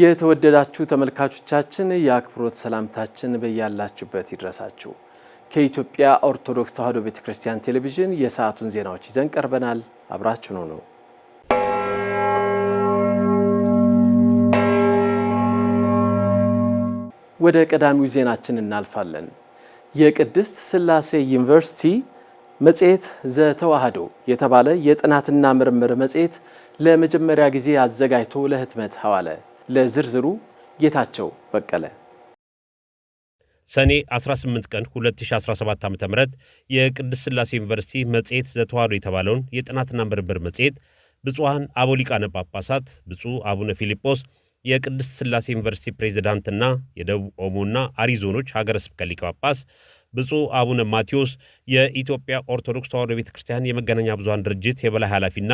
የተወደዳችሁ ተመልካቾቻችን የአክብሮት ሰላምታችን በያላችሁበት ይድረሳችሁ። ከኢትዮጵያ ኦርቶዶክስ ተዋሕዶ ቤተ ክርስቲያን ቴሌቪዥን የሰዓቱን ዜናዎች ይዘን ቀርበናል። አብራችኑ ነው። ወደ ቀዳሚው ዜናችን እናልፋለን። የቅድስት ስላሴ ዩኒቨርሲቲ መጽሔት ዘተዋህዶ የተባለ የጥናትና ምርምር መጽሔት ለመጀመሪያ ጊዜ አዘጋጅቶ ለህትመት አዋለ። ለዝርዝሩ ጌታቸው በቀለ ሰኔ 18 ቀን 2017 ዓ ም የቅድስት ስላሴ ዩኒቨርሲቲ መጽሔት ዘተዋዶ የተባለውን የጥናትና ምርምር መጽሔት ብፁዓን አቦ ሊቃነ ጳጳሳት ብፁዕ አቡነ ፊልጶስ የቅድስት ስላሴ ዩኒቨርሲቲ ፕሬዚዳንትና የደቡብ ኦሞና አሪዞኖች ሀገረ ስብከት ሊቀ ጳጳስ ብፁዕ አቡነ ማቴዎስ የኢትዮጵያ ኦርቶዶክስ ተዋህዶ ቤተ ክርስቲያን የመገናኛ ብዙሃን ድርጅት የበላይ ኃላፊና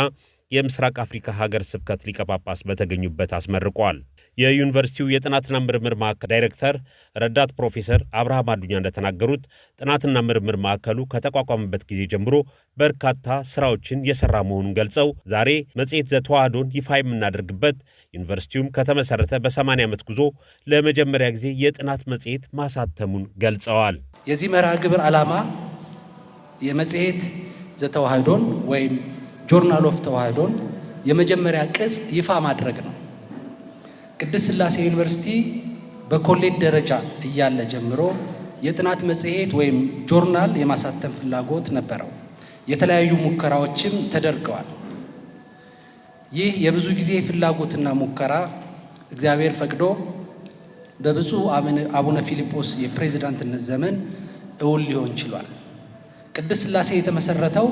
የምስራቅ አፍሪካ ሀገር ስብከት ሊቀ ጳጳስ በተገኙበት አስመርቋል። የዩኒቨርሲቲው የጥናትና ምርምር ማዕከል ዳይሬክተር ረዳት ፕሮፌሰር አብርሃም አዱኛ እንደተናገሩት ጥናትና ምርምር ማዕከሉ ከተቋቋመበት ጊዜ ጀምሮ በርካታ ስራዎችን የሰራ መሆኑን ገልጸው ዛሬ መጽሔት ዘተዋህዶን ይፋ የምናደርግበት ዩኒቨርሲቲውም ከተመሰረተ በ80 ዓመት ጉዞ ለመጀመሪያ ጊዜ የጥናት መጽሔት ማሳተሙን ገልጸዋል። የዚህ መርሃ ግብር ዓላማ የመጽሔት ዘተዋህዶን ወይም ጆርናል ኦፍ ተዋህዶን የመጀመሪያ ቅጽ ይፋ ማድረግ ነው። ቅድስት ሥላሴ ዩኒቨርሲቲ በኮሌጅ ደረጃ እያለ ጀምሮ የጥናት መጽሔት ወይም ጆርናል የማሳተም ፍላጎት ነበረው። የተለያዩ ሙከራዎችም ተደርገዋል። ይህ የብዙ ጊዜ ፍላጎትና ሙከራ እግዚአብሔር ፈቅዶ በብፁዕ አቡነ ፊልጶስ የፕሬዝዳንትነት ዘመን እውን ሊሆን ችሏል። ቅድስት ሥላሴ የተመሰረተው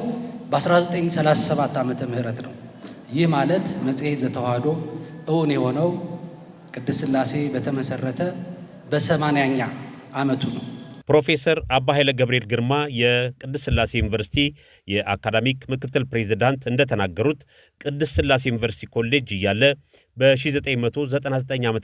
በ1937 ዓመተ ምህረት ነው። ይህ ማለት መጽሔት ዘተዋሕዶ እውን የሆነው ቅድስት ሥላሴ በተመሰረተ በሰማንያኛ ዓመቱ ነው። ፕሮፌሰር አባ ኃይለ ገብርኤል ግርማ የቅድስት ሥላሴ ዩኒቨርሲቲ የአካዳሚክ ምክትል ፕሬዚዳንት እንደተናገሩት ቅድስት ሥላሴ ዩኒቨርሲቲ ኮሌጅ እያለ በ1999 ዓ ም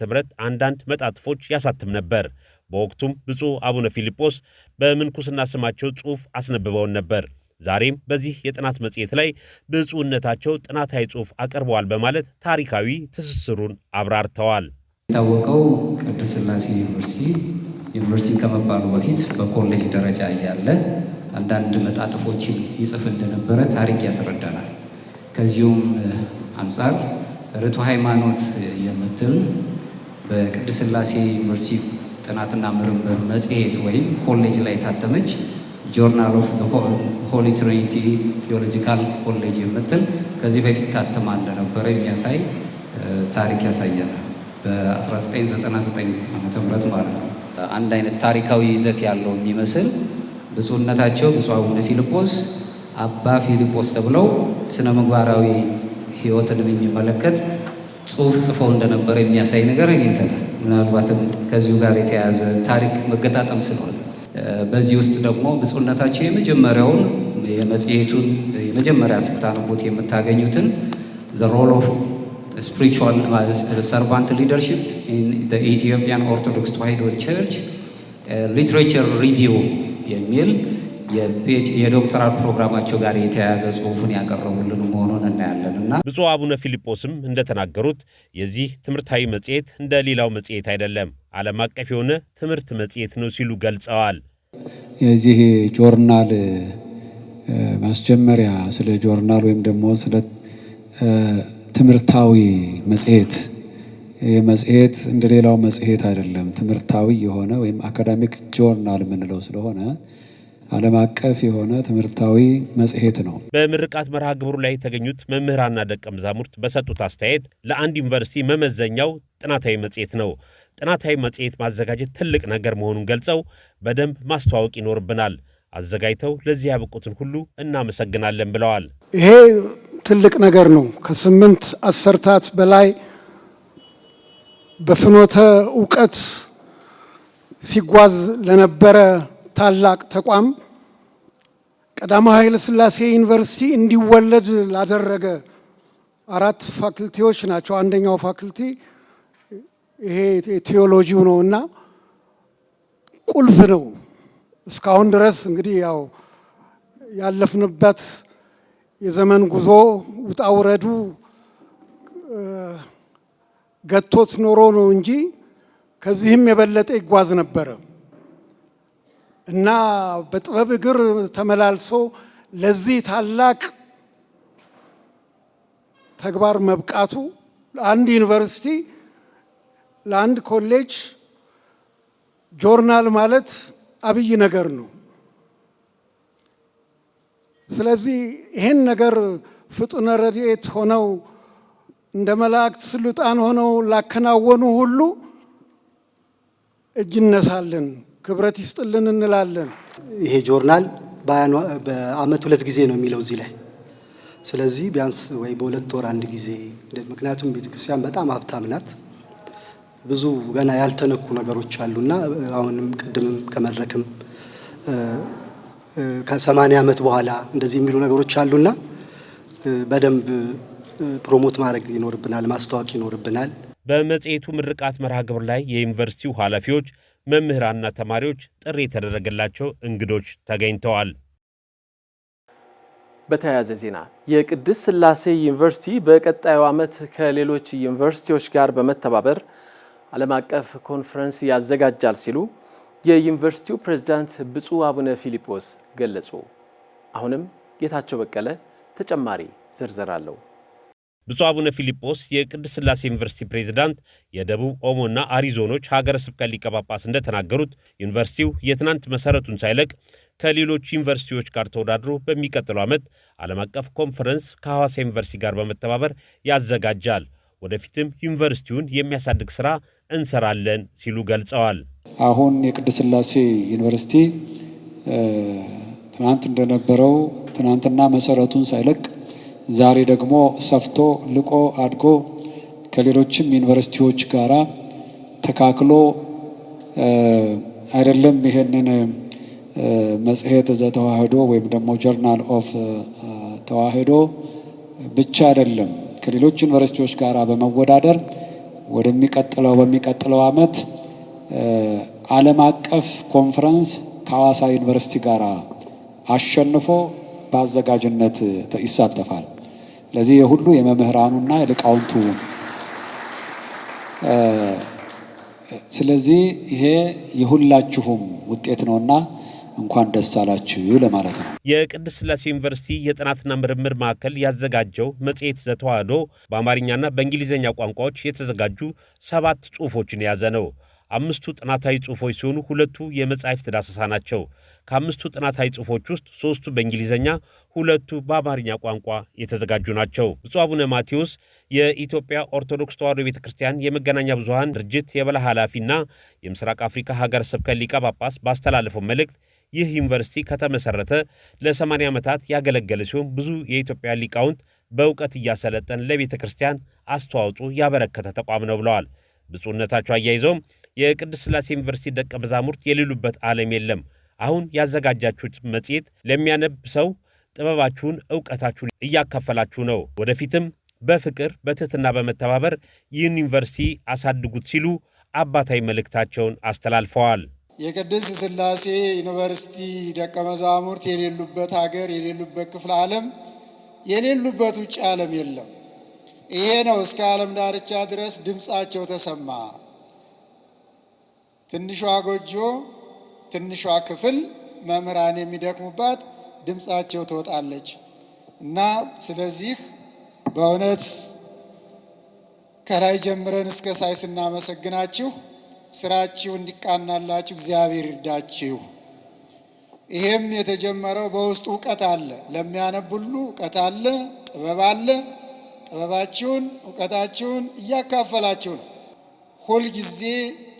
አንዳንድ መጣጥፎች ያሳትም ነበር። በወቅቱም ብፁዕ አቡነ ፊልጶስ በምንኩስና ስማቸው ጽሑፍ አስነብበውን ነበር። ዛሬም በዚህ የጥናት መጽሔት ላይ ብፁዕነታቸው ጥናታዊ ጽሑፍ አቅርበዋል በማለት ታሪካዊ ትስስሩን አብራርተዋል። የታወቀው ቅድስት ሥላሴ ዩኒቨርሲቲ ዩኒቨርሲቲ ከመባሉ በፊት በኮሌጅ ደረጃ እያለ አንዳንድ መጣጥፎችን ይጽፍ እንደነበረ ታሪክ ያስረዳናል። ከዚሁም አንጻር ርቱ ሃይማኖት የምትል በቅድስት ስላሴ ዩኒቨርሲቲ ጥናትና ምርምር መጽሔት ወይም ኮሌጅ ላይ ታተመች። ጆርናል ኦፍ ሆሊ ትሪኒቲ ቴዎሎጂካል ኮሌጅ የምትል ከዚህ በፊት ታተማ እንደነበረ የሚያሳይ ታሪክ ያሳየናል። በ1999 ዓመተ ምህረት ማለት ነው። አንድ አይነት ታሪካዊ ይዘት ያለው የሚመስል ብፁዕነታቸው ብፁዕ አቡነ ፊልጶስ አባ ፊልጶስ ተብለው ስነ ምግባራዊ ሕይወትን የሚመለከት ጽሑፍ ጽፈው እንደነበረ የሚያሳይ ነገር አግኝተናል። ምናልባትም ከዚሁ ጋር የተያያዘ ታሪክ መገጣጠም ስለሆነ በዚህ ውስጥ ደግሞ ብፁዕነታቸው የመጀመሪያውን የመጽሔቱን የመጀመሪያ ስታነቡት የምታገኙትን ዘ ሮል ኦፍ ስፕሪቹዋል ሰርቫንት ሊደርሽፕ ኢትዮጵያን ኦርቶዶክስ ተዋሕዶ ቸርች ሊትሬቸር ሪቪው የሚል የዶክተራል ፕሮግራማቸው ጋር የተያያዘ ጽሁፉን ያቀረቡልን መሆኑን እናያለን እና ብፁዕ አቡነ ፊልጶስም እንደተናገሩት የዚህ ትምህርታዊ መጽሔት እንደ ሌላው መጽሔት አይደለም። ዓለም አቀፍ የሆነ ትምህርት መጽሔት ነው ሲሉ ገልጸዋል። የዚህ ጆርናል ማስጀመሪያ ስለ ጆርናል ወይም ደግሞ ስለ ትምህርታዊ መጽሔት ይህ መጽሔት እንደ ሌላው መጽሔት አይደለም። ትምህርታዊ የሆነ ወይም አካዳሚክ ጆርናል የምንለው ስለሆነ ዓለም አቀፍ የሆነ ትምህርታዊ መጽሔት ነው። በምርቃት መርሃ ግብሩ ላይ የተገኙት መምህራንና ደቀ መዛሙርት በሰጡት አስተያየት ለአንድ ዩኒቨርሲቲ መመዘኛው ጥናታዊ መጽሔት ነው። ጥናታዊ መጽሔት ማዘጋጀት ትልቅ ነገር መሆኑን ገልጸው በደንብ ማስተዋወቅ ይኖርብናል፣ አዘጋጅተው ለዚህ ያበቁትን ሁሉ እናመሰግናለን ብለዋል። ይሄ ትልቅ ነገር ነው። ከስምንት አሰርታት በላይ በፍኖተ እውቀት ሲጓዝ ለነበረ ታላቅ ተቋም ቀዳማዊ ኃይለ ሥላሴ ዩኒቨርሲቲ እንዲወለድ ላደረገ አራት ፋክልቲዎች ናቸው። አንደኛው ፋክልቲ ይሄ ቴዎሎጂው ነው እና ቁልፍ ነው። እስካሁን ድረስ እንግዲህ ያው ያለፍንበት የዘመን ጉዞ ውጣ ውረዱ ገቶት ኖሮ ነው እንጂ ከዚህም የበለጠ ይጓዝ ነበረም። እና በጥበብ እግር ተመላልሶ ለዚህ ታላቅ ተግባር መብቃቱ ለአንድ ዩኒቨርሲቲ ለአንድ ኮሌጅ ጆርናል ማለት አብይ ነገር ነው። ስለዚህ ይህን ነገር ፍጡነ ረድኤት ሆነው እንደ መላእክት ስልጣን ሆነው ላከናወኑ ሁሉ እጅ እነሳለን። ክብረት ይስጥልን እንላለን። ይሄ ጆርናል በአመት ሁለት ጊዜ ነው የሚለው እዚህ ላይ። ስለዚህ ቢያንስ ወይ በሁለት ወር አንድ ጊዜ፣ ምክንያቱም ቤተክርስቲያን በጣም ሀብታም ናት። ብዙ ገና ያልተነኩ ነገሮች አሉና አሁንም ቅድምም ከመድረክም ከሰማንያ ዓመት በኋላ እንደዚህ የሚሉ ነገሮች አሉና በደንብ ፕሮሞት ማድረግ ይኖርብናል፣ ማስታወቅ ይኖርብናል። በመጽሔቱ ምርቃት መርሃ ግብር ላይ የዩኒቨርሲቲው ኃላፊዎች መምህራንና ተማሪዎች ጥሪ የተደረገላቸው እንግዶች ተገኝተዋል። በተያያዘ ዜና የቅድስት ሥላሴ ዩኒቨርሲቲ በቀጣዩ ዓመት ከሌሎች ዩኒቨርሲቲዎች ጋር በመተባበር ዓለም አቀፍ ኮንፈረንስ ያዘጋጃል ሲሉ የዩኒቨርሲቲው ፕሬዝዳንት ብፁዕ አቡነ ፊሊጶስ ገለጹ። አሁንም ጌታቸው በቀለ ተጨማሪ ዝርዝር አለው። ብፁ አቡነ ፊልጶስ የቅድስት ሥላሴ ዩኒቨርሲቲ ፕሬዝዳንት፣ የደቡብ ኦሞና አሪዞኖች ሀገረ ስብከት ሊቀ ጳጳስ እንደተናገሩት ዩኒቨርሲቲው የትናንት መሰረቱን ሳይለቅ ከሌሎች ዩኒቨርሲቲዎች ጋር ተወዳድሮ በሚቀጥለው ዓመት ዓለም አቀፍ ኮንፈረንስ ከሐዋሳ ዩኒቨርሲቲ ጋር በመተባበር ያዘጋጃል። ወደፊትም ዩኒቨርሲቲውን የሚያሳድግ ስራ እንሰራለን ሲሉ ገልጸዋል። አሁን የቅድስት ሥላሴ ዩኒቨርሲቲ ትናንት እንደነበረው ትናንትና መሰረቱን ሳይለቅ ዛሬ ደግሞ ሰፍቶ ልቆ አድጎ ከሌሎችም ዩኒቨርሲቲዎች ጋራ ተካክሎ አይደለም ይሄንን መጽሔት ዘተዋህዶ ወይም ደግሞ ጆርናል ኦፍ ተዋህዶ ብቻ አይደለም ከሌሎች ዩኒቨርሲቲዎች ጋር በመወዳደር ወደሚቀጥለው በሚቀጥለው ዓመት ዓለም አቀፍ ኮንፈረንስ ከሐዋሳ ዩኒቨርሲቲ ጋር አሸንፎ በአዘጋጅነት ይሳተፋል። ለዚህ የሁሉ የመምህራኑና የልቃውንቱ ስለዚህ ይሄ የሁላችሁም ውጤት ነውና እንኳን ደስ አላችሁ ለማለት ነው። የቅድስት ስላሴ ዩኒቨርሲቲ የጥናትና ምርምር ማዕከል ያዘጋጀው መጽሔት ዘተዋህዶ በአማርኛና በእንግሊዝኛ ቋንቋዎች የተዘጋጁ ሰባት ጽሑፎችን የያዘ ነው። አምስቱ ጥናታዊ ጽሑፎች ሲሆኑ ሁለቱ የመጻሕፍት ዳሰሳ ናቸው። ከአምስቱ ጥናታዊ ጽሑፎች ውስጥ ሦስቱ በእንግሊዝኛ፣ ሁለቱ በአማርኛ ቋንቋ የተዘጋጁ ናቸው። ብፁዕ አቡነ ማቴዎስ የኢትዮጵያ ኦርቶዶክስ ተዋሕዶ ቤተ ክርስቲያን የመገናኛ ብዙሃን ድርጅት የበላይ ኃላፊና የምስራቅ አፍሪካ ሀገር ስብከት ሊቀ ጳጳስ ባስተላለፈው መልእክት ይህ ዩኒቨርሲቲ ከተመሠረተ ለ80 ዓመታት ያገለገለ ሲሆን ብዙ የኢትዮጵያ ሊቃውንት በእውቀት እያሰለጠን ለቤተ ክርስቲያን አስተዋጽኦ ያበረከተ ተቋም ነው ብለዋል። ብፁዕነታቸው አያይዘውም የቅድስት ስላሴ ዩኒቨርሲቲ ደቀ መዛሙርት የሌሉበት ዓለም የለም። አሁን ያዘጋጃችሁት መጽሔት ለሚያነብ ሰው ጥበባችሁን፣ እውቀታችሁን እያካፈላችሁ ነው። ወደፊትም በፍቅር በትህትና በመተባበር ይህን ዩኒቨርሲቲ አሳድጉት ሲሉ አባታዊ መልእክታቸውን አስተላልፈዋል። የቅድስት ስላሴ ዩኒቨርሲቲ ደቀ መዛሙርት የሌሉበት ሀገር፣ የሌሉበት ክፍለ ዓለም፣ የሌሉበት ውጭ ዓለም የለም። ይሄ ነው እስከ ዓለም ዳርቻ ድረስ ድምፃቸው ተሰማ። ትንሿ ጎጆ ትንሿ ክፍል መምህራን የሚደክሙባት ድምፃቸው ትወጣለች እና ስለዚህ በእውነት ከላይ ጀምረን እስከ ሳይ ስናመሰግናችሁ ስራችሁ እንዲቃናላችሁ እግዚአብሔር ይርዳችሁ። ይሄም የተጀመረው በውስጡ እውቀት አለ፣ ለሚያነብ ሁሉ እውቀት አለ፣ ጥበብ አለ። ጥበባችሁን እውቀታችሁን እያካፈላችሁ ነው ሁልጊዜ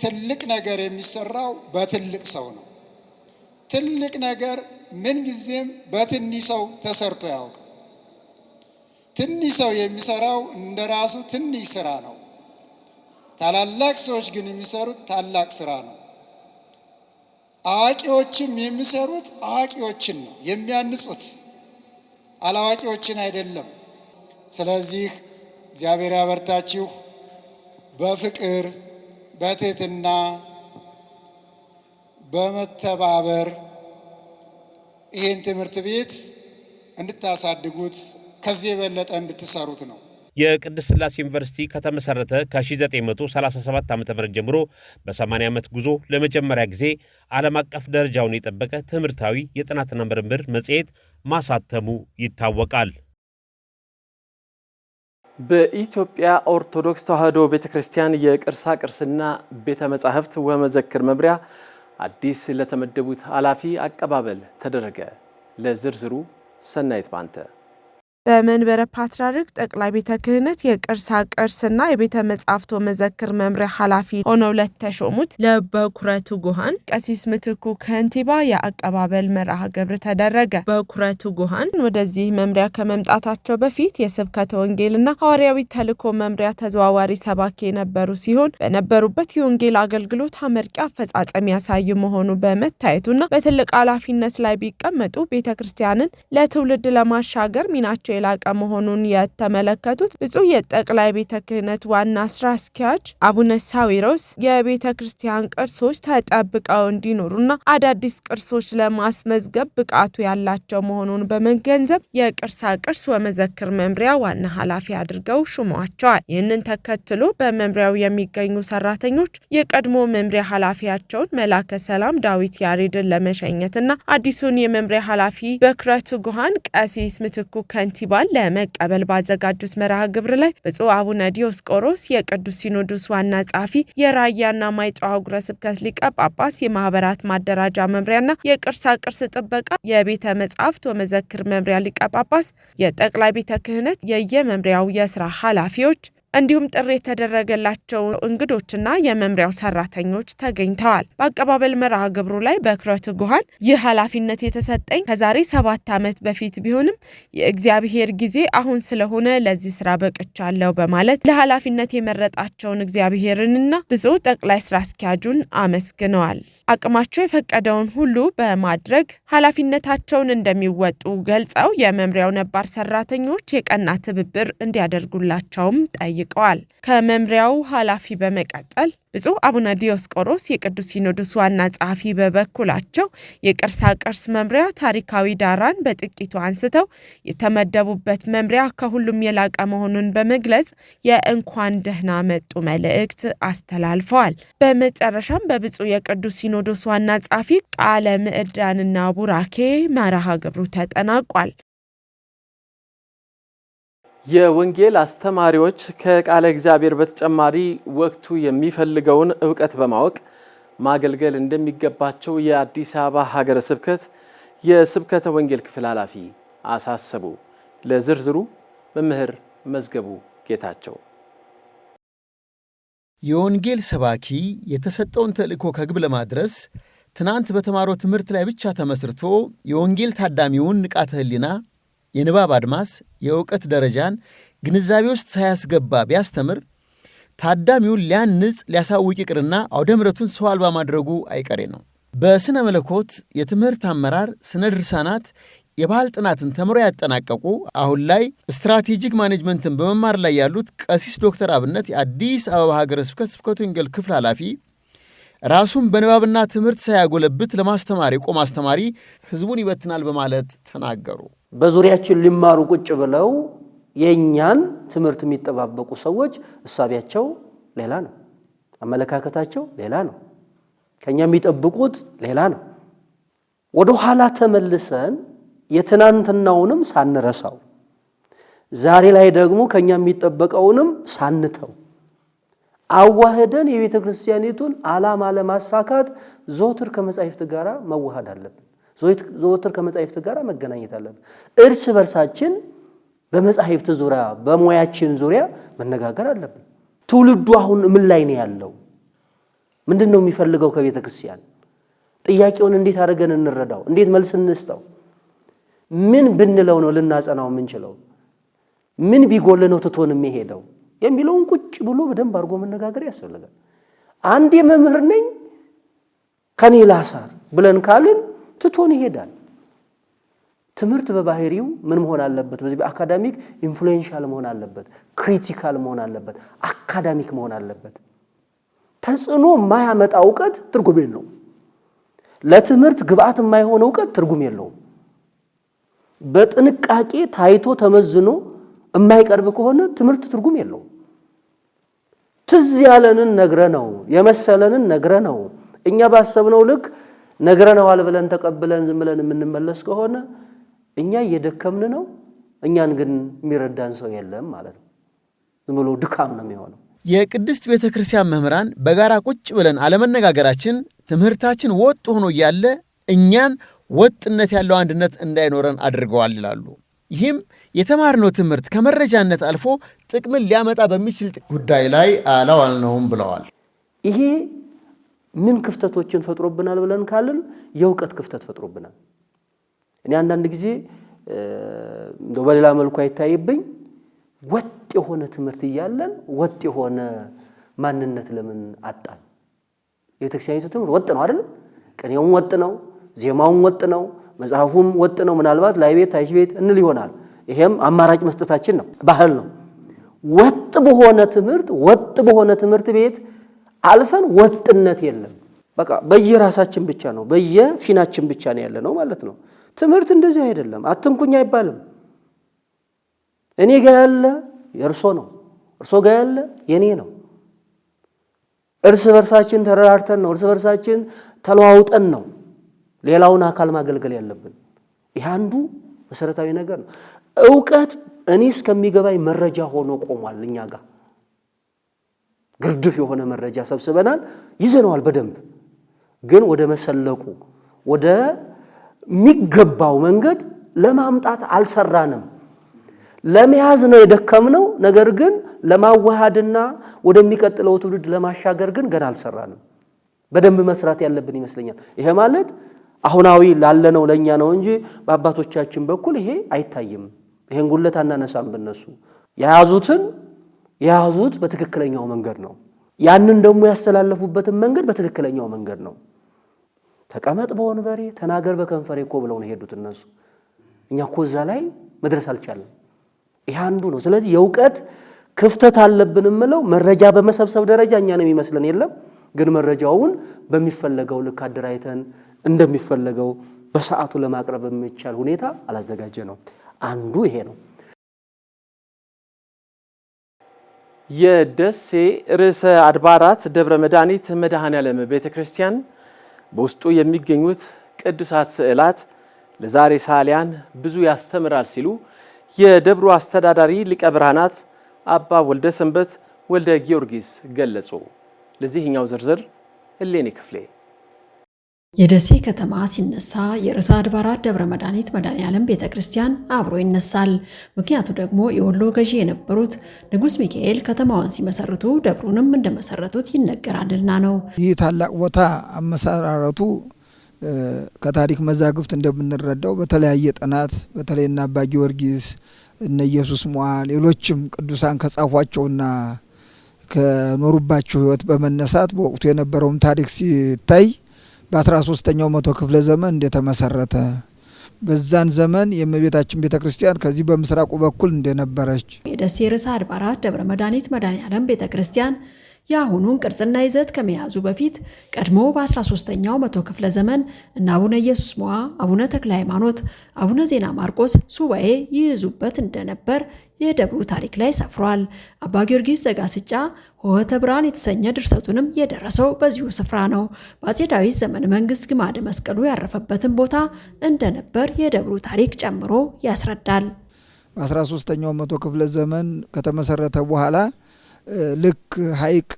ትልቅ ነገር የሚሰራው በትልቅ ሰው ነው። ትልቅ ነገር ምን ጊዜም በትንሽ ሰው ተሰርቶ ያውቅም። ትንሽ ሰው የሚሰራው እንደ ራሱ ትንሽ ስራ ነው። ታላላቅ ሰዎች ግን የሚሰሩት ታላቅ ስራ ነው። አዋቂዎችም የሚሰሩት አዋቂዎችን ነው የሚያንጹት፣ አላዋቂዎችን አይደለም። ስለዚህ እግዚአብሔር ያበርታችሁ በፍቅር በትህትና በመተባበር ይህን ትምህርት ቤት እንድታሳድጉት ከዚህ የበለጠ እንድትሰሩት ነው። የቅድስት ስላሴ ዩኒቨርሲቲ ከተመሠረተ ከ1937 ዓ ም ጀምሮ በ80 ዓመት ጉዞ ለመጀመሪያ ጊዜ ዓለም አቀፍ ደረጃውን የጠበቀ ትምህርታዊ የጥናትና ምርምር መጽሔት ማሳተሙ ይታወቃል። በኢትዮጵያ ኦርቶዶክስ ተዋሕዶ ቤተ ክርስቲያን የቅርሳ ቅርስና ቤተ መጻሕፍት ወመዘክር መምሪያ አዲስ ለተመደቡት ኃላፊ አቀባበል ተደረገ። ለዝርዝሩ ሰናይት ባንተ በመንበረ ፓትርያርክ ጠቅላይ ቤተ ክህነት የቅርሳ ቅርስና የቤተ መጻሕፍት መዘክር መምሪያ ኃላፊ ሆነው ለተሾሙት ለበኩረቱ ጉሃን ቀሲስ ምትኩ ከንቲባ የአቀባበል መርሃ ግብር ተደረገ። በኩረቱ ጉሃን ወደዚህ መምሪያ ከመምጣታቸው በፊት የስብከተ ወንጌልና ሐዋርያዊ ተልእኮ መምሪያ ተዘዋዋሪ ሰባኪ የነበሩ ሲሆን በነበሩበት የወንጌል አገልግሎት አመርቂ አፈጻጸም ያሳዩ መሆኑ በመታየቱና በትልቅ ኃላፊነት ላይ ቢቀመጡ ቤተ ክርስቲያንን ለትውልድ ለማሻገር ሚናቸው የላቀ መሆኑን የተመለከቱት ብፁዕ የጠቅላይ ቤተ ክህነት ዋና ስራ አስኪያጅ አቡነ ሳዊሮስ የቤተ ክርስቲያን ቅርሶች ተጠብቀው እንዲኖሩና አዳዲስ ቅርሶች ለማስመዝገብ ብቃቱ ያላቸው መሆኑን በመገንዘብ የቅርሳ ቅርስ ወመዘክር መምሪያ ዋና ኃላፊ አድርገው ሹመዋቸዋል። ይህንን ተከትሎ በመምሪያው የሚገኙ ሰራተኞች የቀድሞ መምሪያ ኃላፊያቸውን መላከ ሰላም ዳዊት ያሬድን ለመሸኘትና አዲሱን የመምሪያ ኃላፊ በክረቱ ጉሃን ቀሲስ ምትኩ ከንቲ ከንቲባን ለመቀበል ባዘጋጁት መርሃ ግብር ላይ ብፁዕ አቡነ ዲዮስቆሮስ የቅዱስ ሲኖዶስ ዋና ጸሐፊ፣ የራያና ማይጨው አህጉረ ስብከት ሊቀ ጳጳስ፣ የማህበራት ማደራጃ መምሪያና የቅርሳ ቅርስ ጥበቃ የቤተ መጻሕፍት ወመዘክር መምሪያ ሊቀ ጳጳስ፣ የጠቅላይ ቤተ ክህነት የየመምሪያው የስራ ኃላፊዎች እንዲሁም ጥሪ የተደረገላቸው እንግዶችና የመምሪያው ሰራተኞች ተገኝተዋል። በአቀባበል መርሃ ግብሩ ላይ በኩረት ጉሃን ይህ ኃላፊነት የተሰጠኝ ከዛሬ ሰባት ዓመት በፊት ቢሆንም የእግዚአብሔር ጊዜ አሁን ስለሆነ ለዚህ ስራ በቅቻለሁ በማለት ለኃላፊነት የመረጣቸውን እግዚአብሔርንና ብፁዕ ጠቅላይ ስራ አስኪያጁን አመስግነዋል። አቅማቸው የፈቀደውን ሁሉ በማድረግ ኃላፊነታቸውን እንደሚወጡ ገልጸው የመምሪያው ነባር ሰራተኞች የቀና ትብብር እንዲያደርጉላቸውም ጠይቀዋል። ጠይቀዋል። ከመምሪያው ኃላፊ በመቀጠል ብፁዕ አቡነ ዲዮስቆሮስ የቅዱስ ሲኖዶስ ዋና ጸሐፊ በበኩላቸው የቅርሳ ቅርስ መምሪያ ታሪካዊ ዳራን በጥቂቱ አንስተው የተመደቡበት መምሪያ ከሁሉም የላቀ መሆኑን በመግለጽ የእንኳን ደህና መጡ መልእክት አስተላልፈዋል። በመጨረሻም በብፁዕ የቅዱስ ሲኖዶስ ዋና ጸሐፊ ቃለ ምዕዳንና ቡራኬ መርሃ ግብሩ ተጠናቋል። የወንጌል አስተማሪዎች ከቃለ እግዚአብሔር በተጨማሪ ወቅቱ የሚፈልገውን እውቀት በማወቅ ማገልገል እንደሚገባቸው የአዲስ አበባ ሀገረ ስብከት የስብከተ ወንጌል ክፍል ኃላፊ አሳሰቡ። ለዝርዝሩ መምህር መዝገቡ ጌታቸው የወንጌል ሰባኪ የተሰጠውን ተልእኮ ከግብ ለማድረስ ትናንት በተማረው ትምህርት ላይ ብቻ ተመስርቶ የወንጌል ታዳሚውን ንቃተ ህሊና የንባብ አድማስ፣ የእውቀት ደረጃን ግንዛቤ ውስጥ ሳያስገባ ቢያስተምር ታዳሚውን ሊያንጽ ሊያሳውቅ ይቅርና አውደ ምረቱን ሰው አልባ ማድረጉ አይቀሬ ነው። በሥነ መለኮት፣ የትምህርት አመራር፣ ስነ ድርሳናት የባህል ጥናትን ተምረው ያጠናቀቁ አሁን ላይ ስትራቴጂክ ማኔጅመንትን በመማር ላይ ያሉት ቀሲስ ዶክተር አብነት የአዲስ አበባ ሀገረ ስብከት ስብከተ ወንጌል ክፍል ኃላፊ ራሱን በንባብና ትምህርት ሳያጎለብት ለማስተማር የቆመ አስተማሪ ሕዝቡን ይበትናል በማለት ተናገሩ። በዙሪያችን ሊማሩ ቁጭ ብለው የእኛን ትምህርት የሚጠባበቁ ሰዎች እሳቢያቸው ሌላ ነው፣ አመለካከታቸው ሌላ ነው፣ ከእኛ የሚጠብቁት ሌላ ነው። ወደ ኋላ ተመልሰን የትናንትናውንም ሳንረሳው ዛሬ ላይ ደግሞ ከእኛ የሚጠበቀውንም ሳንተው አዋህደን የቤተ ክርስቲያኒቱን ዓላማ ለማሳካት ዘወትር ከመጻሕፍት ጋር መዋሃድ አለብን። ዘወትር ከመጻሕፍት ጋር መገናኘት አለብን። እርስ በርሳችን በመጻሕፍት ዙሪያ በሙያችን ዙሪያ መነጋገር አለብን። ትውልዱ አሁን ምን ላይ ነው ያለው? ምንድን ነው የሚፈልገው ከቤተ ክርስቲያን? ጥያቄውን እንዴት አድርገን እንረዳው? እንዴት መልስ እንስጠው? ምን ብንለው ነው ልናጸናው የምንችለው? ምን ቢጎል ነው ትቶን የሚሄደው የሚለውን ቁጭ ብሎ በደንብ አድርጎ መነጋገር ያስፈልጋል። አንድ የመምህር ነኝ ከኔ ላሳር ብለን ካልን ትቶን ይሄዳል። ትምህርት በባህሪው ምን መሆን አለበት? በዚህ በአካዳሚክ ኢንፍሉዌንሻል መሆን አለበት፣ ክሪቲካል መሆን አለበት፣ አካዳሚክ መሆን አለበት። ተጽዕኖ የማያመጣ እውቀት ትርጉም የለውም። ለትምህርት ግብአት የማይሆን እውቀት ትርጉም የለውም። በጥንቃቄ ታይቶ ተመዝኖ የማይቀርብ ከሆነ ትምህርት ትርጉም የለውም። ትዝ ያለንን ነግረ ነው የመሰለንን ነግረ ነው እኛ ባሰብነው ልክ ነግረነዋል ብለን ተቀብለን ዝም ብለን የምንመለስ ከሆነ እኛ እየደከምን ነው፣ እኛን ግን የሚረዳን ሰው የለም ማለት ነው። ዝም ብሎ ድካም ነው የሚሆነው። የቅድስት ቤተ ክርስቲያን መምህራን በጋራ ቁጭ ብለን አለመነጋገራችን ትምህርታችን ወጥ ሆኖ እያለ እኛን ወጥነት ያለው አንድነት እንዳይኖረን አድርገዋል ይላሉ። ይህም የተማርነው ትምህርት ከመረጃነት አልፎ ጥቅምን ሊያመጣ በሚችል ጉዳይ ላይ አላዋልነውም ብለዋል። ይሄ ምን ክፍተቶችን ፈጥሮብናል ብለን ካልን የእውቀት ክፍተት ፈጥሮብናል። እኔ አንዳንድ ጊዜ እንደው በሌላ መልኩ አይታይብኝ ወጥ የሆነ ትምህርት እያለን ወጥ የሆነ ማንነት ለምን አጣን? የቤተክርስቲያኒቱ ትምህርት ወጥ ነው አይደለም? ቅኔውም ወጥ ነው፣ ዜማውም ወጥ ነው፣ መጽሐፉም ወጥ ነው። ምናልባት ላይ ቤት ታይሽ ቤት እንል ይሆናል። ይሄም አማራጭ መስጠታችን ነው፣ ባህል ነው። ወጥ በሆነ ትምህርት ወጥ በሆነ ትምህርት ቤት አልፈን ወጥነት የለም። በቃ በየራሳችን ብቻ ነው፣ በየፊናችን ብቻ ነው ያለ ነው ማለት ነው። ትምህርት እንደዚህ አይደለም። አትንኩኝ አይባልም። እኔ ጋ ያለ የእርሶ ነው፣ እርሶ ጋ ያለ የኔ ነው። እርስ በርሳችን ተረራርተን ነው፣ እርስ በርሳችን ተለዋውጠን ነው ሌላውን አካል ማገልገል ያለብን። ይህ አንዱ መሰረታዊ ነገር ነው። እውቀት እኔ እስከሚገባኝ መረጃ ሆኖ ቆሟል እኛ ጋር ግርድፍ የሆነ መረጃ ሰብስበናል፣ ይዘነዋል። በደንብ ግን ወደ መሰለቁ ወደ ሚገባው መንገድ ለማምጣት አልሰራንም። ለመያዝ ነው የደከምነው። ነገር ግን ለማዋሃድና ወደሚቀጥለው ትውልድ ለማሻገር ግን ገና አልሰራንም። በደንብ መስራት ያለብን ይመስለኛል። ይሄ ማለት አሁናዊ ላለነው ለእኛ ነው እንጂ በአባቶቻችን በኩል ይሄ አይታይም። ይሄን ጉለት አናነሳም። ብነሱ የያዙትን የያዙት በትክክለኛው መንገድ ነው። ያንን ደግሞ ያስተላለፉበትን መንገድ በትክክለኛው መንገድ ነው። ተቀመጥ በወንበሬ ተናገር በከንፈሬ እኮ ብለው ነው ሄዱት እነሱ። እኛ እኮ እዛ ላይ መድረስ አልቻለም። ይህ አንዱ ነው። ስለዚህ የእውቀት ክፍተት አለብን የምለው መረጃ በመሰብሰብ ደረጃ እኛን የሚመስለን የለም፣ ግን መረጃውን በሚፈለገው ልክ አደራጅተን እንደሚፈለገው በሰዓቱ ለማቅረብ የሚቻል ሁኔታ አላዘጋጀ ነው። አንዱ ይሄ ነው። የደሴ ርዕሰ አድባራት ደብረ መድኃኒት መድኃኔዓለም ቤተ ክርስቲያን በውስጡ የሚገኙት ቅዱሳት ስዕላት ለዛሬ ሳሊያን ብዙ ያስተምራል ሲሉ የደብሩ አስተዳዳሪ ሊቀ ብርሃናት አባ ወልደ ሰንበት ወልደ ጊዮርጊስ ገለጹ። ለዚህኛው ዝርዝር እሌኒ ክፍሌ የደሴ ከተማ ሲነሳ የርዕሰ አድባራት ደብረ መድኃኒት መድኃኔዓለም ቤተ ክርስቲያን አብሮ ይነሳል። ምክንያቱ ደግሞ የወሎ ገዢ የነበሩት ንጉሥ ሚካኤል ከተማዋን ሲመሰርቱ ደብሩንም እንደመሰረቱት ይነገራልና ነው። ይህ ታላቅ ቦታ አመሰራረቱ ከታሪክ መዛግብት እንደምንረዳው በተለያየ ጥናት በተለይና አባ ጊዮርጊስ እነ ኢየሱስ ሞዓ ሌሎችም ቅዱሳን ከጻፏቸውና ከኖሩባቸው ሕይወት በመነሳት በወቅቱ የነበረውም ታሪክ ሲታይ በአስራ ሶስተኛው መቶ ክፍለ ዘመን እንደተመሰረተ በዛን ዘመን የእመቤታችን ቤተ ክርስቲያን ከዚህ በምስራቁ በኩል እንደነበረች የደሴ ርዕሰ አድባራት ደብረ መድኃኒት መድኃኔ ዓለም ቤተ ክርስቲያን የአሁኑን ቅርጽና ይዘት ከመያዙ በፊት ቀድሞ በ13ኛው መቶ ክፍለ ዘመን እነ አቡነ ኢየሱስ መዋ አቡነ ተክለ ሃይማኖት፣ አቡነ ዜና ማርቆስ ሱባኤ ይይዙበት እንደነበር የደብሩ ታሪክ ላይ ሰፍሯል። አባ ጊዮርጊስ ዘጋስጫ ሆወተ ብርሃን የተሰኘ ድርሰቱንም የደረሰው በዚሁ ስፍራ ነው። በአፄ ዳዊት ዘመነ መንግስት ግማደ መስቀሉ ያረፈበትን ቦታ እንደነበር የደብሩ ታሪክ ጨምሮ ያስረዳል። በ13ኛው መቶ ክፍለ ዘመን ከተመሰረተ በኋላ ልክ ሀይቅ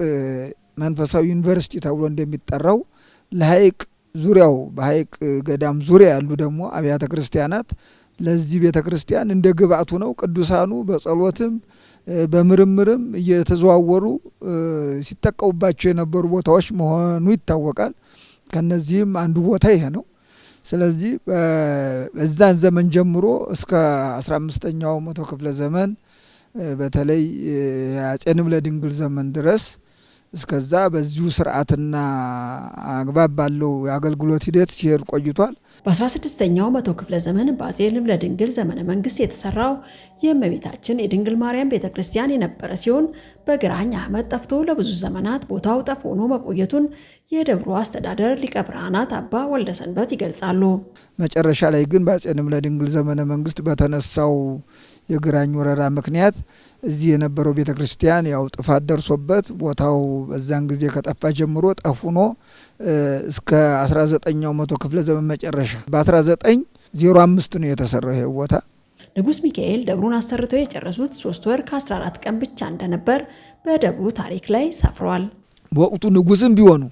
መንፈሳዊ ዩኒቨርሲቲ ተብሎ እንደሚጠራው ለሀይቅ ዙሪያው በሀይቅ ገዳም ዙሪያ ያሉ ደግሞ አብያተ ክርስቲያናት ለዚህ ቤተ ክርስቲያን እንደ ግብአቱ ነው። ቅዱሳኑ በጸሎትም በምርምርም እየተዘዋወሩ ሲጠቀሙባቸው የነበሩ ቦታዎች መሆኑ ይታወቃል። ከነዚህም አንዱ ቦታ ይሄ ነው። ስለዚህ በዛን ዘመን ጀምሮ እስከ አስራ አምስተኛው መቶ ክፍለ ዘመን በተለይ የአጼ ንብለ ድንግል ዘመን ድረስ እስከዛ በዚሁ ስርዓትና አግባብ ባለው የአገልግሎት ሂደት ሲሄድ ቆይቷል። በ16ኛው መቶ ክፍለ ዘመን በአጼ ልብነ ድንግል ዘመነ መንግስት የተሰራው የእመቤታችን የድንግል ማርያም ቤተ ክርስቲያን የነበረ ሲሆን በግራኝ አህመድ ጠፍቶ ለብዙ ዘመናት ቦታው ጠፍ ሆኖ መቆየቱን የደብሩ አስተዳደር ሊቀ ብርሃናት አባ ወልደ ሰንበት ይገልጻሉ። መጨረሻ ላይ ግን በአጼ ልብነ ድንግል ዘመነ መንግስት በተነሳው የግራኝ ወረራ ምክንያት እዚህ የነበረው ቤተ ክርስቲያን ያው ጥፋት ደርሶበት ቦታው በዛን ጊዜ ከጠፋ ጀምሮ ጠፉኖ እስከ 19ኛው መቶ ክፍለ ዘመን መጨረሻ በ1905 ነው የተሰራው ይሄ ቦታ። ንጉሥ ሚካኤል ደብሩን አሰርተው የጨረሱት ሶስት ወር ከ14 ቀን ብቻ እንደነበር በደብሩ ታሪክ ላይ ሰፍሯል። በወቅቱ ንጉሥም ቢሆኑ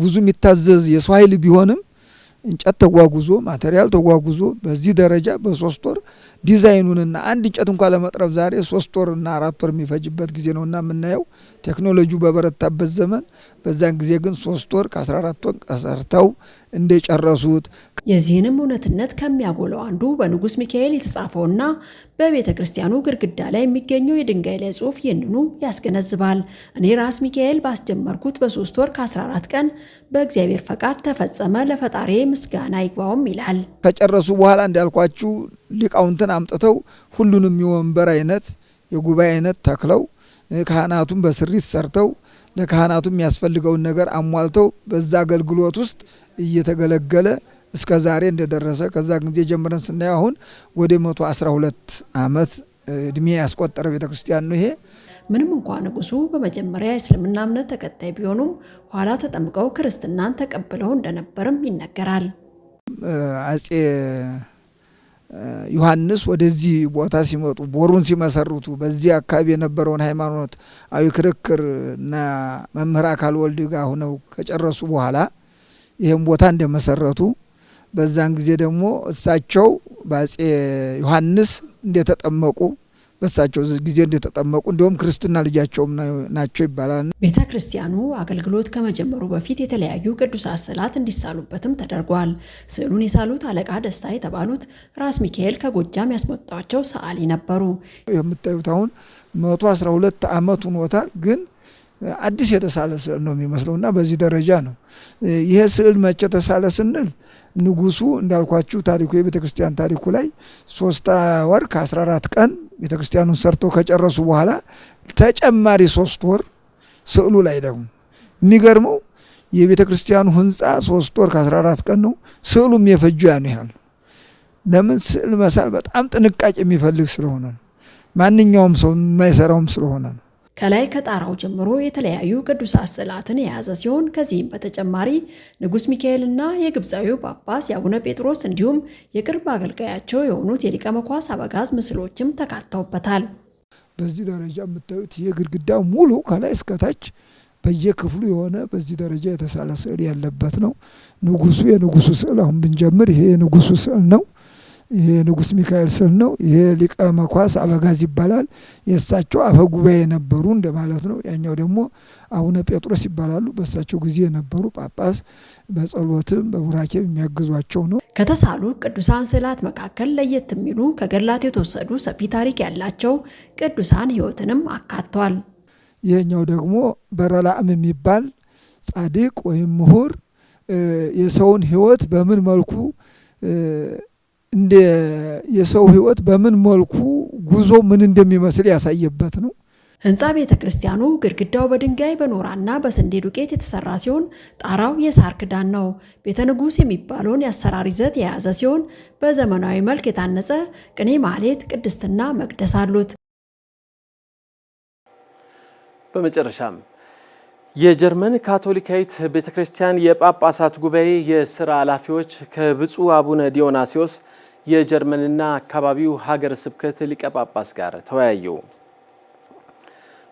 ብዙ የሚታዘዝ የሰው ኃይል ቢሆንም እንጨት ተጓጉዞ ማቴሪያል ተጓጉዞ በዚህ ደረጃ በሶስት ወር ዲዛይኑንና አንድ እንጨት እንኳ ለመጥረብ ዛሬ ሶስት ወርና አራት ወር የሚፈጅበት ጊዜ ነውና የምናየው ቴክኖሎጂው በበረታበት ዘመን። በዛን ጊዜ ግን ሶስት ወር ከአስራ አራት ወር ሰርተው እንደጨረሱት። የዚህንም እውነትነት ከሚያጎለው አንዱ በንጉስ ሚካኤል የተጻፈውና በቤተ ክርስቲያኑ ግድግዳ ላይ የሚገኘው የድንጋይ ላይ ጽሑፍ ይህንኑ ያስገነዝባል። እኔ ራስ ሚካኤል ባስጀመርኩት በሶስት ወር ከ14 ቀን በእግዚአብሔር ፈቃድ ተፈጸመ፣ ለፈጣሪ ምስጋና ይግባውም ይላል። ከጨረሱ በኋላ እንዳልኳችሁ ሊቃውንትን አምጥተው ሁሉንም የወንበር አይነት የጉባኤ አይነት ተክለው ካህናቱን በስሪት ሰርተው ለካህናቱ የሚያስፈልገውን ነገር አሟልተው በዛ አገልግሎት ውስጥ እየተገለገለ እስከ ዛሬ እንደደረሰ ከዛ ጊዜ ጀምረን ስናየው አሁን ወደ መቶ አስራ ሁለት ዓመት እድሜ ያስቆጠረ ቤተ ክርስቲያን ነው ይሄ። ምንም እንኳ ንጉሱ በመጀመሪያ የእስልምና እምነት ተከታይ ቢሆኑም ኋላ ተጠምቀው ክርስትናን ተቀብለው እንደነበርም ይነገራል። አጼ ዮሐንስ ወደዚህ ቦታ ሲመጡ ቦሩን ሲመሰርቱ በዚህ አካባቢ የነበረውን ሃይማኖታዊ ክርክር እና መምህር አካል ወልድ ጋር ሁነው ከጨረሱ በኋላ ይህም ቦታ እንደመሰረቱ በዛን ጊዜ ደግሞ እሳቸው በአፄ ዮሐንስ እንደተጠመቁ በሳቸው ጊዜ እንደተጠመቁ እንዲሁም ክርስትና ልጃቸውም ናቸው ይባላል። ቤተ ክርስቲያኑ አገልግሎት ከመጀመሩ በፊት የተለያዩ ቅዱሳት ስዕላት እንዲሳሉበትም ተደርጓል። ስዕሉን የሳሉት አለቃ ደስታ የተባሉት ራስ ሚካኤል ከጎጃም ያስመጧቸው ሰዓሊ ነበሩ። የምታዩት አሁን መቶ አስራ ሁለት ዓመት ሆኖታል ግን አዲስ የተሳለ ስዕል ነው የሚመስለው እና በዚህ ደረጃ ነው። ይሄ ስዕል መቼ ተሳለ ስንል ንጉሱ እንዳልኳችሁ ታሪኩ የቤተ ክርስቲያን ታሪኩ ላይ ሶስት ወር ከአስራ አራት ቀን ቤተ ክርስቲያኑን ሰርቶ ከጨረሱ በኋላ ተጨማሪ ሶስት ወር ስዕሉ ላይ ደግሞ የሚገርመው የቤተ ክርስቲያኑ ህንፃ ሶስት ወር ከአስራ አራት ቀን ነው። ስዕሉም የፈጁ ያን ያህል። ለምን ስዕል መሳል በጣም ጥንቃቄ የሚፈልግ ስለሆነ ነው። ማንኛውም ሰው የማይሰራውም ስለሆነ ነው። ከላይ ከጣራው ጀምሮ የተለያዩ ቅዱሳት ስዕላትን የያዘ ሲሆን ከዚህም በተጨማሪ ንጉሥ ሚካኤልና የግብፃዊው ጳጳስ የአቡነ ጴጥሮስ እንዲሁም የቅርብ አገልጋያቸው የሆኑት የሊቀ መኳስ አበጋዝ ምስሎችም ተካተውበታል። በዚህ ደረጃ የምታዩት ይህ ግድግዳ ሙሉ ከላይ እስከታች በየክፍሉ የሆነ በዚህ ደረጃ የተሳለ ስዕል ያለበት ነው። ንጉሱ የንጉሱ ስዕል አሁን ብንጀምር ይሄ የንጉሱ ስዕል ነው። ይሄ ንጉሥ ሚካኤል ስዕል ነው። ይሄ ሊቀ መኳስ አበጋዝ ይባላል። የእሳቸው አፈ ጉባኤ ነበሩ እንደማለት ነው። ያኛው ደግሞ አቡነ ጴጥሮስ ይባላሉ። በእሳቸው ጊዜ የነበሩ ጳጳስ በጸሎትም በቡራኬ የሚያግዟቸው ነው። ከተሳሉ ቅዱሳን ስዕላት መካከል ለየት የሚሉ ከገድላት የተወሰዱ ሰፊ ታሪክ ያላቸው ቅዱሳን ህይወትንም አካቷል። ይህኛው ደግሞ በረላእም የሚባል ጻድቅ ወይም ምሁር የሰውን ህይወት በምን መልኩ እንደ የሰው ህይወት በምን መልኩ ጉዞ ምን እንደሚመስል ያሳየበት ነው። ህንፃ ቤተ ክርስቲያኑ ግድግዳው በድንጋይ በኖራና በስንዴ ዱቄት የተሰራ ሲሆን ጣራው የሳር ክዳን ነው። ቤተ ንጉሥ የሚባለውን የአሰራር ይዘት የያዘ ሲሆን በዘመናዊ መልክ የታነጸ ቅኔ ማህሌት፣ ቅድስትና መቅደስ አሉት። በመጨረሻም የጀርመን ካቶሊካዊት ቤተ ክርስቲያን የጳጳሳት ጉባኤ የስራ ኃላፊዎች ከብፁዕ አቡነ ዲዮናሲዎስ የጀርመንና አካባቢው ሀገረ ስብከት ሊቀ ጳጳስ ጋር ተወያዩ።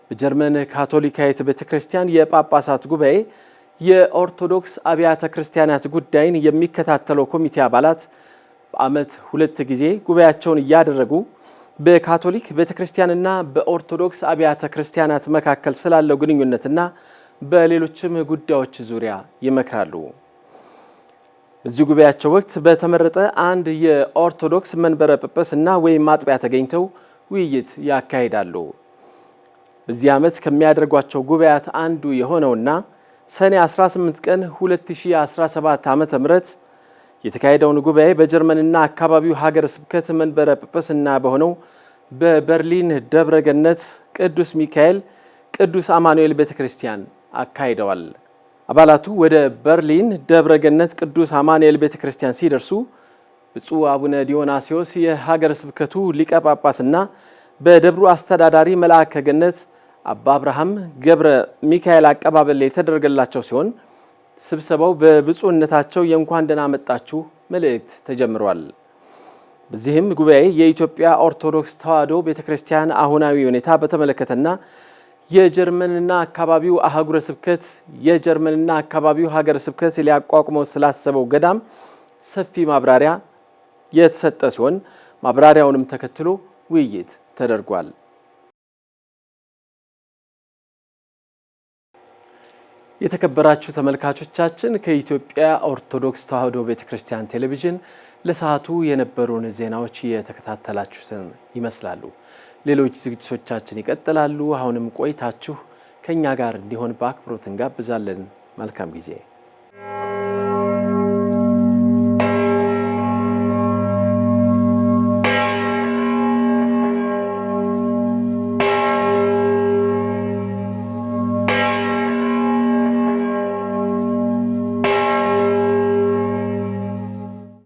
በጀርመን ካቶሊካዊት ቤተ ክርስቲያን የጳጳሳት ጉባኤ የኦርቶዶክስ አብያተ ክርስቲያናት ጉዳይን የሚከታተለው ኮሚቴ አባላት በዓመት ሁለት ጊዜ ጉባኤያቸውን እያደረጉ በካቶሊክ ቤተ ክርስቲያንና በኦርቶዶክስ አብያተ ክርስቲያናት መካከል ስላለው ግንኙነትና በሌሎችም ጉዳዮች ዙሪያ ይመክራሉ። በዚህ ጉባኤያቸው ወቅት በተመረጠ አንድ የኦርቶዶክስ መንበረ ጵጵስና ወይም ማጥቢያ ተገኝተው ውይይት ያካሂዳሉ። በዚህ ዓመት ከሚያደርጓቸው ጉባኤያት አንዱ የሆነውና ሰኔ 18 ቀን 2017 ዓ.ም የተካሄደውን ጉባኤ በጀርመንና አካባቢው ሀገረ ስብከት መንበረ ጵጵስና በሆነው በበርሊን ደብረገነት ቅዱስ ሚካኤል ቅዱስ አማኑኤል ቤተ ክርስቲያን አካሂደዋል። አባላቱ ወደ በርሊን ደብረገነት ቅዱስ አማኑኤል ቤተ ክርስቲያን ሲደርሱ ብፁዕ አቡነ ዲዮናሲዮስ የሀገረ ስብከቱ ሊቀ ጳጳስና በደብሩ አስተዳዳሪ መልአከ ገነት አባ አብርሃም ገብረ ሚካኤል አቀባበል የተደረገላቸው ሲሆን ስብሰባው በብፁዕነታቸው የእንኳን ደህና መጣችሁ መልእክት ተጀምሯል። በዚህም ጉባኤ የኢትዮጵያ ኦርቶዶክስ ተዋሕዶ ቤተ ክርስቲያን አሁናዊ ሁኔታ በተመለከተና የጀርመንና አካባቢው አህጉረ ስብከት የጀርመንና አካባቢው ሀገረ ስብከት ሊያቋቁመው ስላሰበው ገዳም ሰፊ ማብራሪያ የተሰጠ ሲሆን ማብራሪያውንም ተከትሎ ውይይት ተደርጓል። የተከበራችሁ ተመልካቾቻችን ከኢትዮጵያ ኦርቶዶክስ ተዋሕዶ ቤተ ክርስቲያን ቴሌቪዥን ለሰዓቱ የነበሩን ዜናዎች እየተከታተላችሁትን ይመስላሉ። ሌሎች ዝግጅቶቻችን ይቀጥላሉ። አሁንም ቆይታችሁ ከእኛ ጋር እንዲሆን በአክብሮት እንጋብዛለን። መልካም ጊዜ